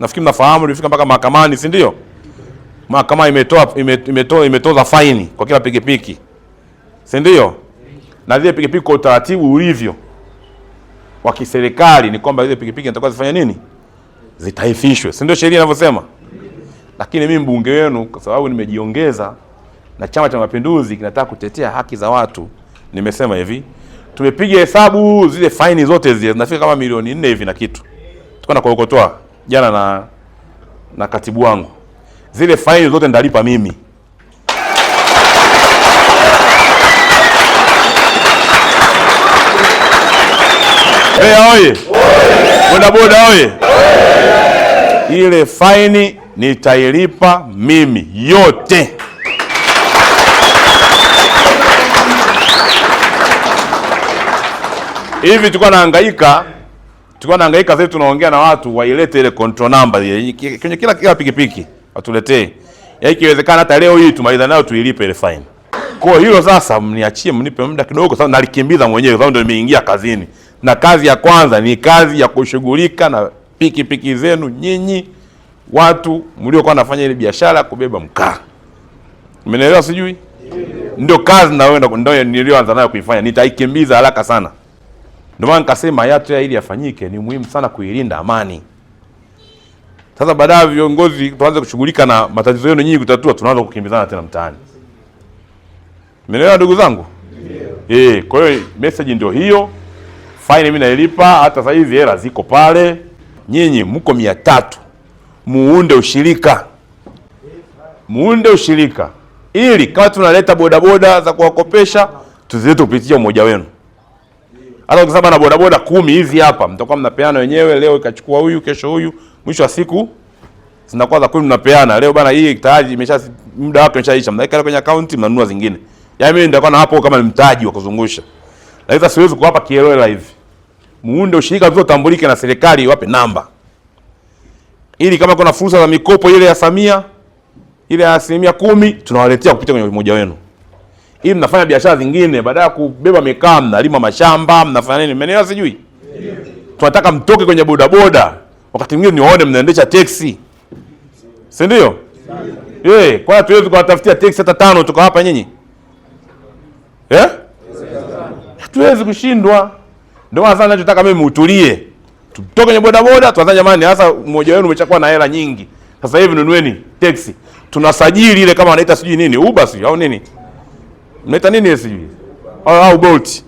nafikiri mnafahamu, ilifika mpaka mahakamani, si ndio? Mahakama imetoa imetoa imetoza faini kwa kila pikipiki, si ndio? Na zile pikipiki kwa utaratibu ulivyo wa kiserikali ni kwamba zile pikipiki zitakuwa zifanya nini? Zitaifishwe, si ndio sheria inavyosema? Lakini mimi mbunge wenu, kwa sababu nimejiongeza na Chama cha Mapinduzi kinataka kutetea haki za watu, nimesema hivi, tumepiga hesabu zile faini zote zile zinafika kama milioni nne hivi na kitu, tukwenda kuokotoa jana na na katibu wangu, zile faini zote nitalipa mimi. Mbeya eh, oye! Bodaboda oye! Ile faini nitailipa mimi yote. Hivi tulikuwa naangaika tulikuwa nahangaika zetu, tunaongea na watu wailete ile control number ile kwenye kila kila pikipiki watuletee, ya ikiwezekana hata leo hii tumaliza nayo tuilipe ile fine. Kwa hilo sasa, mniachie mnipe muda kidogo, sasa nalikimbiza mwenyewe, sababu ndio nimeingia kazini, na kazi ya kwanza ni kazi ya kushughulika na pikipiki piki zenu nyinyi watu mliokuwa nafanya ile biashara kubeba mkaa. Umenielewa? Sijui ndio kazi ndio niliyoanza nayo kuifanya, nitaikimbiza haraka sana. Ndio maana nikasema yatu ya ili yafanyike ni muhimu sana kuilinda amani. Sasa baadaye viongozi tuanze kushughulika na matatizo yenu nyinyi kutatua, tunaanza kukimbizana tena mtaani. Mnaelewa ndugu zangu? Ndio. Eh, kwa hiyo message ndio hiyo. Faini mimi nailipa, hata sasa hivi hela ziko pale. Nyinyi mko 300. muunde ushirika, muunde ushirika ili kama tunaleta bodaboda za kuwakopesha tuzilete kupitia umoja wenu. Hata ukisema na bodaboda kumi hizi hapa, mtakuwa mnapeana wenyewe, leo ikachukua huyu, kesho huyu, mwisho wa siku zinakuwa za kweli, mnapeana. Leo bana hii tayari imesha muda wake umeshaisha, mnaweka kwenye akaunti mnanunua zingine. Yaani mimi nitakuwa na hapo kama ni mtaji wa kuzungusha. Lakini sasa siwezi kuwapa kielela hivi. Muunde ushirika vizuri tambulike na serikali iwape namba. Ili kama kuna fursa za mikopo ile ya Samia ile ya asilimia kumi tunawaletea kupitia kwenye mmoja wenu ili mnafanya biashara zingine, baada ya kubeba mikaa mnalima mashamba, mnafanya nini? Mmenielewa? Sijui tunataka mtoke kwenye bodaboda, wakati mwingine niwaone mnaendesha teksi, si ndio? Eh, kwa hatuwezi kuwatafutia teksi hata tano hapa nyinyi eh? Tuwezi kushindwa. Ndio maana sasa nachotaka mimi mutulie, tutoke kwenye boda boda, tuanze jamani. Sasa mmoja wenu umeshakuwa na hela nyingi, sasa hivi nunueni teksi, tunasajili ile kama wanaita sijui nini, Uber sio au nini mnaita nini SUV au au Bolt?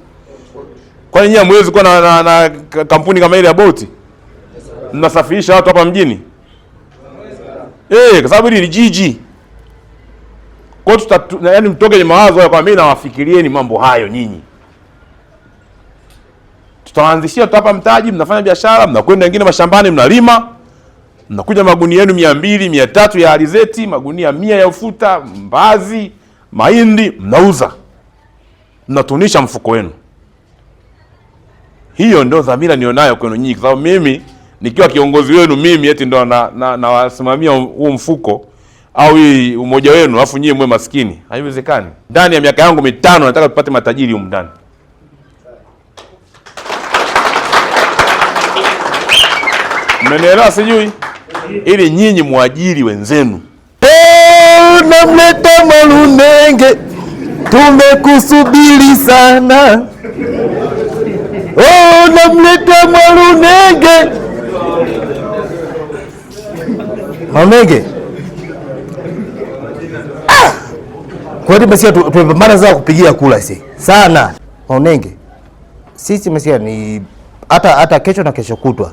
Kwani nyinyi hamwezi kuwa na, na, na kampuni kama ile ya Bolt? Mnasafirisha watu hapa mjini eh, kwa sababu hili ni jiji kwa tuta, na, yani mtoke kwenye mawazo hayo, kwa mimi nawafikirieni mambo hayo nyinyi. Tutawaanzishia, hapa mtaji, mnafanya biashara, mnakwenda wengine mashambani, mnalima, mnakuja magunia yenu mia mbili mia tatu ya alizeti, magunia mia ya ufuta, mbazi mahindi mnauza, mnatunisha mfuko wenu. Hiyo ndio dhamira nionayo kwenu nyinyi, kwa sababu mimi nikiwa kiongozi wenu mimi eti ndo nawasimamia na, na huu mfuko au hii umoja wenu, alafu nyie mwe maskini, haiwezekani. Ndani ya miaka yangu mitano nataka tupate matajiri humu ndani. Mmenielewa? Sijui ili nyinyi mwajiri wenzenu tunamleta Mwalunenge, tumekusubiri sana. Oh, namleta Mwalunenge. Mwalunenge ah! kwani Masia tumepambana sana kupigia kula si sana. maunenge sisi Mesia ni hata hata kesho na kesho kutwa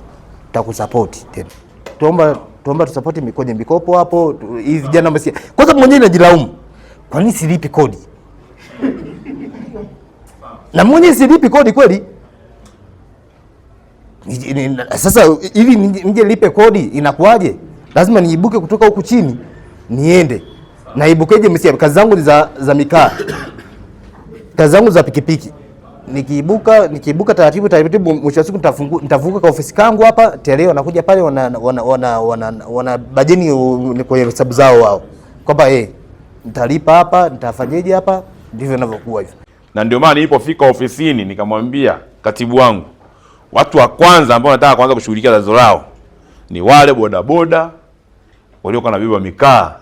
takusapoti tena, tuomba tuomba tusapoti kwenye mikopo hapo. Hivi vijana umesikia, kwanza mwenyewe najilaumu, kwa nini silipi kodi na mwenyewe silipi kodi kweli. Sasa hivi nje lipe kodi inakuwaje? Lazima niibuke kutoka huku chini niende naibukeje? Msia, kazi zangu za, za mikaa kazi zangu za pikipiki nikiibuka nikiibuka taratibu taratibu, mwisho wa siku nitavuka kwa ofisi kangu hapa teleo, nakuja pale wana wana wana, wana, wana bajeni kwenye hesabu zao wao kwamba eh, nitalipa hapa nitafanyeje hapa, ndivyo ninavyokuwa hivyo. Na ndio maana nilipofika ofisini nikamwambia katibu wangu, watu wa kwanza ambao nataka kuanza kushughulikia tatizo lao ni wale bodaboda waliokuwa na beba mikaa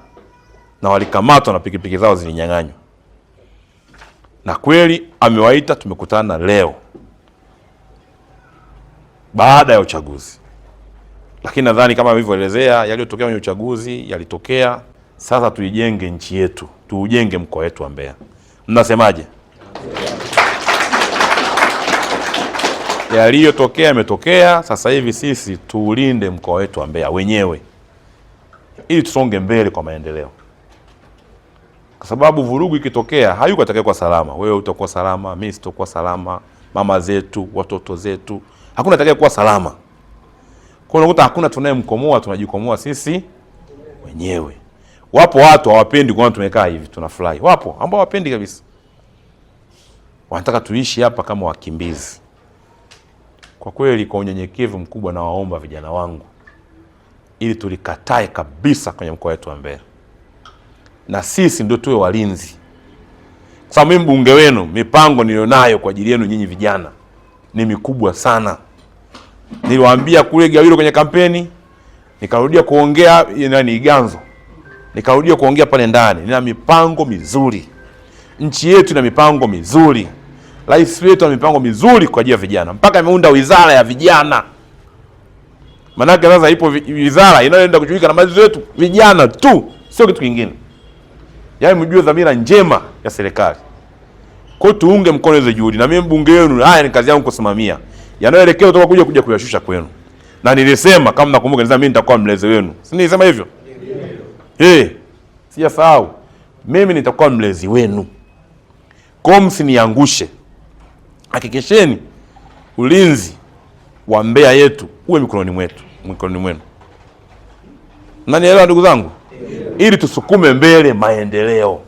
na walikamatwa na pikipiki zao zilinyang'anywa na kweli amewaita, tumekutana leo baada ya uchaguzi, lakini nadhani kama alivyoelezea, yaliyotokea kwenye uchaguzi yalitokea. Sasa tuijenge nchi yetu, tuujenge mkoa wetu wa Mbeya. Mnasemaje? Yaliyotokea yametokea, sasa hivi sisi tuulinde mkoa wetu wa Mbeya wenyewe ili tusonge mbele kwa maendeleo kwa sababu vurugu ikitokea hayuko atakayekuwa salama. Wewe utakuwa salama, mimi sitakuwa salama, mama zetu, watoto zetu, hakuna atakayekuwa salama. Kwa hiyo unakuta hakuna tunayemkomoa, tunajikomoa sisi wenyewe. Wapo watu hawapendi kwa tumekaa hivi tunafurahi, wapo ambao hawapendi kabisa, wanataka tuishi hapa kama wakimbizi. Kwa kweli, kwa unyenyekevu mkubwa, nawaomba vijana wangu, ili tulikatae kabisa kwenye mkoa wetu wa Mbeya na sisi ndio tuwe walinzi, kwa sababu mimi mbunge wenu, mipango nilionayo kwa ajili yenu nyinyi vijana ni mikubwa sana. Niliwaambia kule Gawilo kwenye kampeni, nikarudia kuongea eh, nani Iganzo, nikarudia kuongea pale ndani, nina mipango mizuri, nchi yetu ina mipango mizuri, rais wetu ana mipango mizuri kwa ajili ya vijana, mpaka ameunda wizara ya vijana. Maanake sasa ipo wizara inayoenda kujulika na mazizo yetu vijana tu, sio kitu kingine yaani mjue dhamira njema ya serikali. Kwa tuunge mkono hizo juhudi, na mimi mbunge wenu, haya ni kazi yangu kusimamia yanayoelekea kutoka kuja kuja kuyashusha kwenu, na nilisema kama nakumbuka, nilisema mimi nitakuwa mlezi wenu, si nilisema hivyo? Ndio. Eh, sijasahau mimi nitakuwa mlezi wenu, kwa msiniangushe. Hakikisheni ulinzi wa Mbeya yetu uwe mikononi mwetu, mikononi mwenu. Nanielewa ndugu zangu? ili tusukume mbele maendeleo.